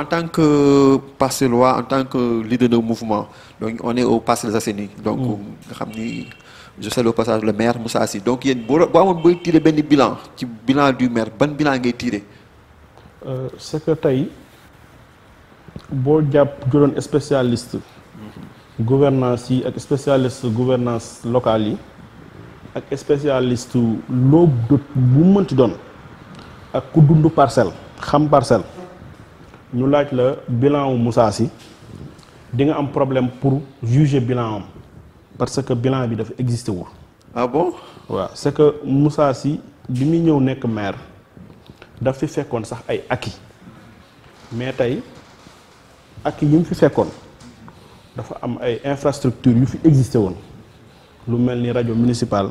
En tant que Parcellois, en tant que leader de mouvement, donc on est au des assainis. Donc, mm. je sais le passage le maire Moussa Assi. Donc, il y tirer un bilan, le bilan du maire, quel bilan est tiré euh, C'est que taille, si vous de spécialiste mm-hmm. gouvernance et spécialiste gouvernance locale, et spécialiste l'aube de mouvement, et parcelle, xam parcelle ñu laisse le bilan wu Moussa Sy di nga am problème pour juger bilan parce que bilan bi dafa existé ah bon Ouais. c'est que Moussa si bi muy ñëw maire a fi fekkoon sax ay acquis mais tey acquis yi fait fi il dafa am ay infrastructures qui fi existé woon lu mel les radios municipales,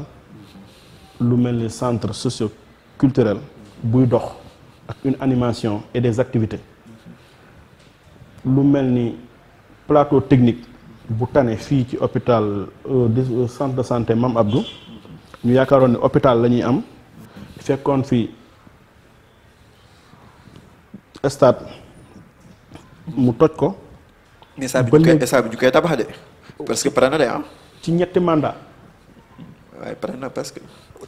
lu mel centre socio culturel dox une animation et des activités lu mel ni plateau technique bu tane fii ci hôpital euh, euh, centre de santé Mame Abdou ñu yaakaaroon ni hôpital la ñuy am fekkoon fi stade mu toj ko. mais stade bi ñu koy tabax de parce que pare na de am ah. ci ñetti mandat waaye pare na parce que.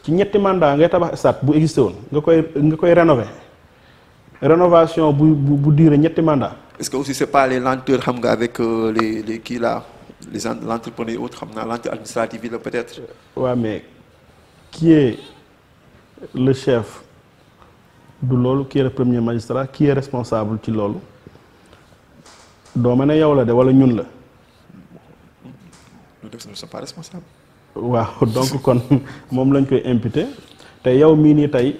ci ñetti mandat ngay tabax stade bu existé woon nga koy nga koy rénover. rénovation bu bu ñetti mandat est-ce que aussi c'est pas les lenteurs xam nga avec euh, les les là les l'entrepreneur autres xam administrative peut-être. Ouais mais qui est le chef du l'OLU qui est le premier magistrat qui est responsable ci l'OLU Donc, ma ne yow la de wala ñun la. nous ne sommes pas responsables. waaw donc kon mom lañ koy imputer tay yow mini tay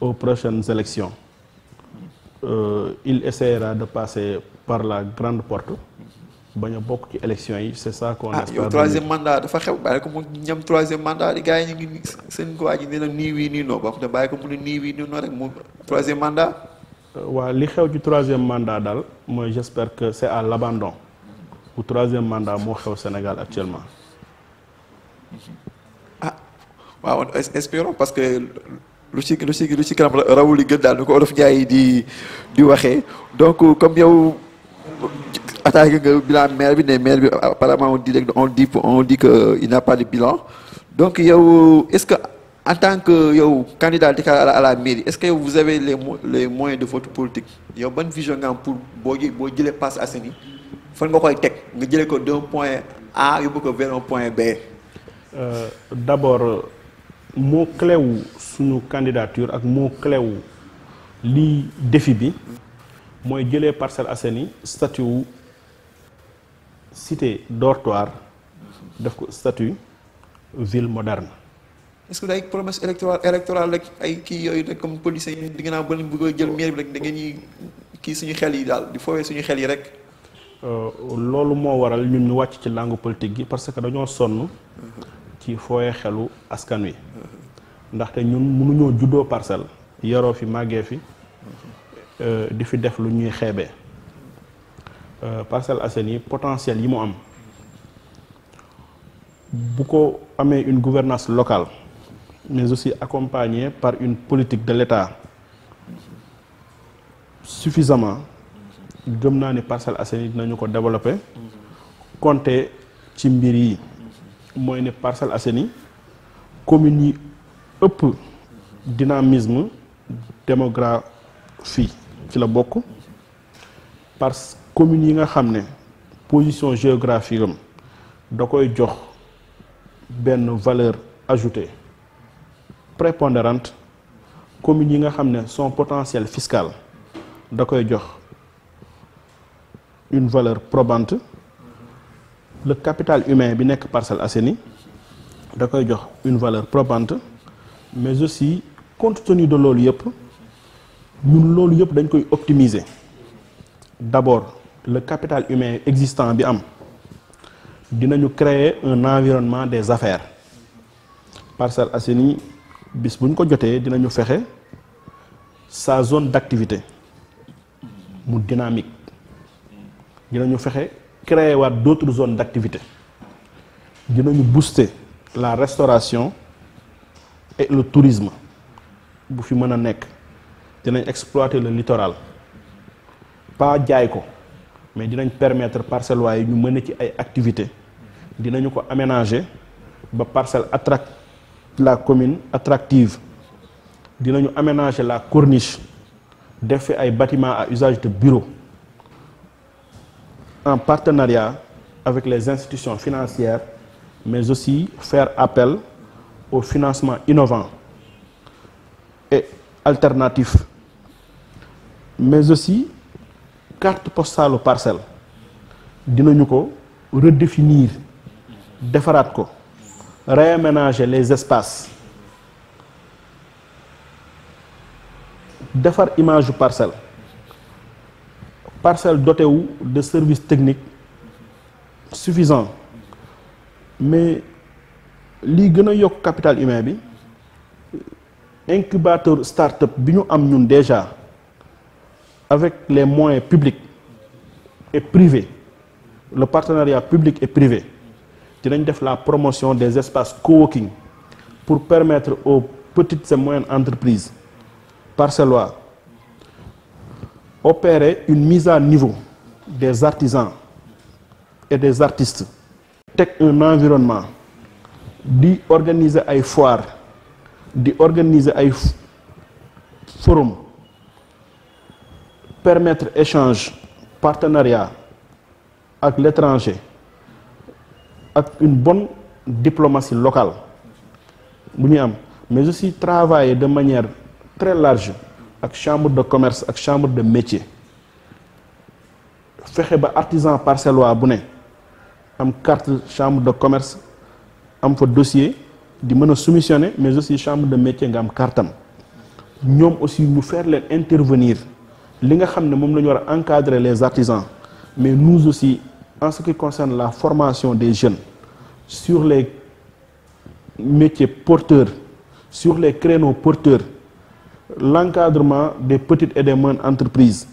aux prochaines élections, euh, il essaiera de passer par la grande porte. y a beaucoup d'élections élection c'est ça qu'on ah, espère. ah troisième mandat dafa xew ñam troisième mandat il gars yi ñu ngi seen y ni ni na ni wii nii noo ba un ni bàyyi troisième mandat. Euh, waaw li xew troisième mandat j'espère que c'est à l'abandon Le troisième mandat suis au Sénégal actuellement. ah espérons parce que lu ci lu ci lu ci kanam rawu li gën daal nu ko olof Ndiaye di di waxee donc comme yow attaqué nga bilan maire bi né maire bi apparemment direct on dit on dit que il n'a pas de bilan donc yow est-ce que en tant que yow candidat à la à la mairie est-ce que vous avez les les moyens de votre politique yow a vision bonne vision pour boo jë boo passe à Assainies fan nga koy teg nga jëlee ko d'un point A yóbbu ko vers un point B. Euh, d'abord mot clé wu suñu candidature ak mot clé li lii défi bi mooy jëlee Parcelles Assainies statut cité dortoir def ko statut ville moderne. est-ce que day promesse électorale électorale rek ay kii yooyu rek comme policiers yi di ngeen a bëri bëgg jël maire bi rek da ngeen ñuy kii suñu xel yi daal di foowee suñu xel yi rek. Euh, loolu moo waral ñun ñu wàcc ci langue politique gi parce que dañoo sonn ci fooyee xelu askan wi ndaxte ñun mënuñoo juddoo parcelle yaroo fi màggee fi euh, di fi def lu ñuy xeebee euh, Parcelles Assainies yi potentiel yi mu am bu ko une gouvernance locale mais aussi accompagnée par une politique de l'État suffisamment gëm naa ni Parcelles Assainies dinañu ko développer comté ci mbir yi mooy ne Parcelles Assainies communes peu dynamisme démographique ci la parce que yi nga position géographique une valeur ajoutée prépondérante La yi nga son potentiel fiscal da une valeur probante le capital humain bi nekk Parcelles da une valeur probante mais aussi compte tenu de l'eau nous nous optimiser d'abord le capital humain existant bi am créer un environnement des affaires Parce que bis nous ko sa zone d'activité dynamique Nous fexe créer d'autres zones d'activité dinañu booster la restauration et le tourisme bu fi exploiter le littoral pas jaay mais de permettre parcelles de mener des activités de aménager parcelle la commune attractive de aménager la corniche des bâtiments à usage de bureaux en partenariat avec les institutions financières mais aussi faire appel au financement innovant et alternatif. mais aussi carte postale ou parcelle. dinañu redéfinir des réaménager les espaces défar image parcelle parcelle dotée ou de services techniques suffisants mais Ligue gëna yok capital humain bi incubateur start-up bi ñu déjà avec les moyens publics et privés le partenariat public et privé la promotion des espaces coworking pour permettre aux petites et moyennes entreprises par loi, opérer une mise à niveau des artisans et des artistes avec un environnement d'organiser organiser ay d'organiser des organiser ay forum permettre échange partenariat avec l'étranger avec une bonne diplomatie locale mais aussi travailler de manière très large la chambre de commerce la chambre de métier faire des artisans parcellois bu ne am carte chambre de commerce am fa dossier di mais aussi chambre de métier nga am Nous aussi ñu faire intervenir li nga encadrer les artisans mais nous aussi en ce qui concerne la formation des jeunes sur les métiers porteurs sur les créneaux porteurs l'encadrement des petites et des moyennes entreprises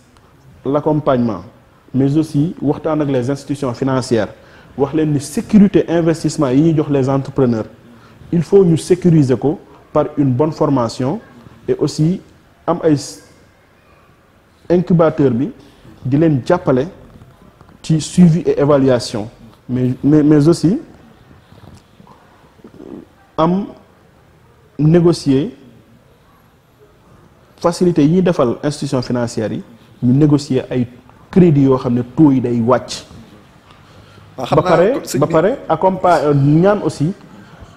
l'accompagnement mais aussi ak les institutions financières wax leen sécurité investissement yi les entrepreneurs il faut ñu sécuriser par une bonne formation et aussi am ay incubateur bi di len ci suivi et évaluation mais mais aussi am négocier faciliter yi les defal financières financière négocier ay crédit yo xamné taux yi bah, ba avons euh, aussi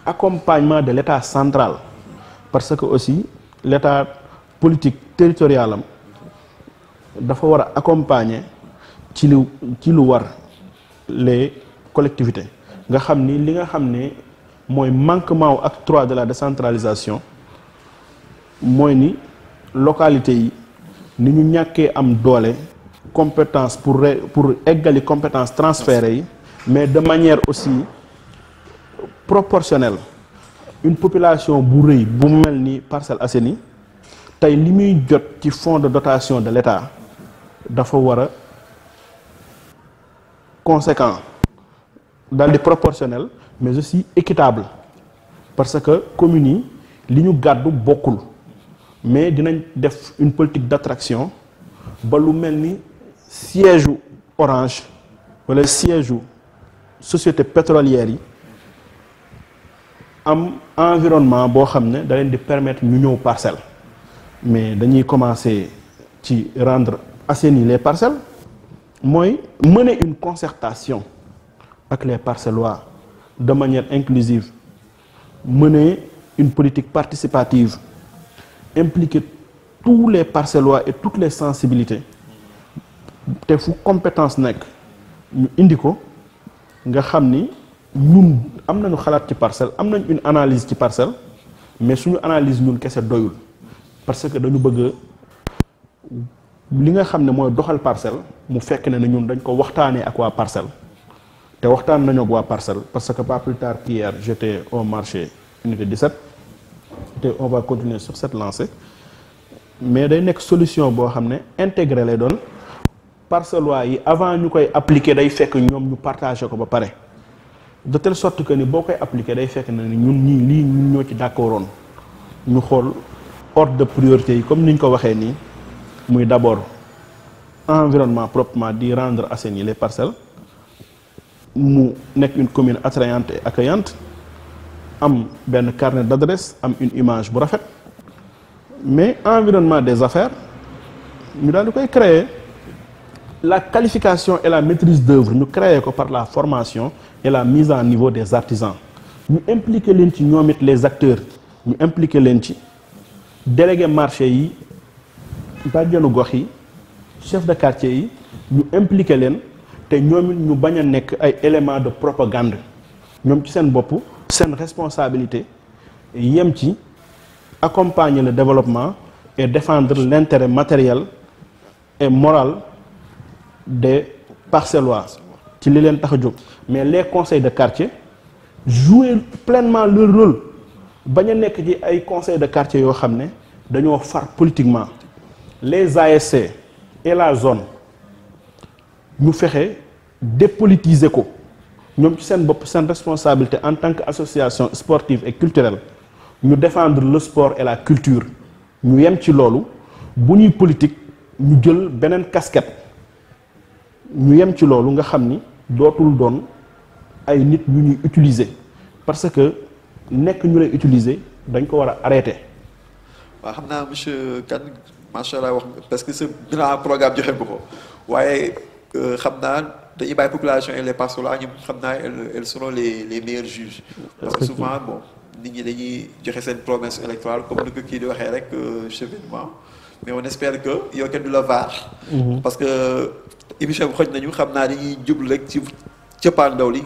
accompagnement de l'État central parce que aussi l'État politique territorial doit accompagner ci lu les collectivités nga xamni li nga xamné moy manquement ak de la décentralisation moy ni localité yi ni ñu ñaké am compétence pour pour égaler compétence transférée yi mais de manière aussi proportionnelle une population bourrée, par bu mel ni Parcelles fonds de dotation de l'État dafa conséquent dans proportionnel mais aussi équitable parce que communes nous, nous beaucoup, mais une politique d'attraction ba siège Orange le siège société pétrolière am environnement bo xamné da permettre ñu parcelle mais dañuy commencer ci rendre assainir les parcelles moy mener une concertation avec les parcellois de manière inclusive mener une politique participative impliquer tous les parcellois et toutes les sensibilités té fu compétence nek nga xam ni ñun am nañu xalaat ci parcelle am nañ une analyse ci parcelle mais suñu analyse ñun kese doyul parce que dañu bëgg li nga xam ne mooy doxal parcelle mu fekk ne na ñun dañ ko waxtaanee ak waa parcelle te waxtaan nañu ak waa parcelle parce que pas plus tard qu'hier j'étais au marché unité set te on va continuer sur cette lancée mais day nekk solution boo xam ne intégré lay doon parce que loi avant nous qu'on appliquer day partageons que ñu de telle sorte que nous appliquons les appliquer day nous na ni ñun nous ordre de priorité comme nous l'avons ko Nous ni d'abord environnement proprement dit rendre assigné les parcelles nous avons une commune attrayante et accueillante am un carnet d'adresse am une image bu mais environnement des affaires nous allons créer la qualification et la maîtrise d'œuvre nous créent que par la formation et la mise en niveau des artisans Nous impliquons leen les acteurs Nous impliquons les délégués délégué marché yi chef de quartier nous impliquons les et nous éléments de propagande Nous avons une bopp une responsabilité yem ci accompagner le développement et défendre l'intérêt matériel et moral des Parcellois mais les conseils de quartier jouent pleinement leur rôle Si on conseils de quartier on politiquement les ASC et la zone nous ferait dépolitiser Nous avons une responsabilité en tant qu'association sportive et culturelle nous défendre le sport et la culture nous yem ci loolu bu politique ñu casquette ñu yem ci loolu nga xam ni dootul doon ay nit ñu ñuy utiliser parce que nekk ñu lay utiliser dañ ko war a arrêter. waaw xam naa monsieur Kane macha allah wax parce que sa bilan programme joxe bu ko waaye euh, xam naa dañuy bàyyi population et les pasteurs là ñoom xam naa elles seront les les meilleurs juges. parce que souvent bon nit ñi dañuy joxe seen promesse électorale comme ni ko kii di waxee rek euh, chevènement mais on espère que yow kenn du la mhm. parce que émission bi xoj nañu xam naa dañuy ci